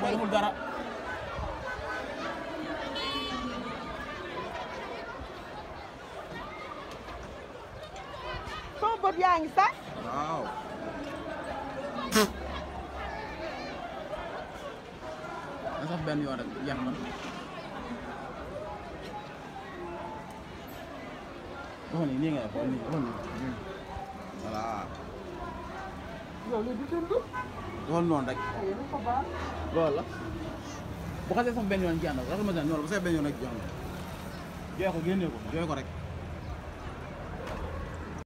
bàyyiwul dara sama bët yaa ngi sax waaw da sax benn yoon rek na dafa nii nii ngay xool nii dafa nii voilà. loolu du dund. loolu noonu rek. loolu la. bu xasee sax benn yoon ci ànd ak raxas ma seen loolu bu sax benn yoon rek jox ko génnee ko jooy ko rek.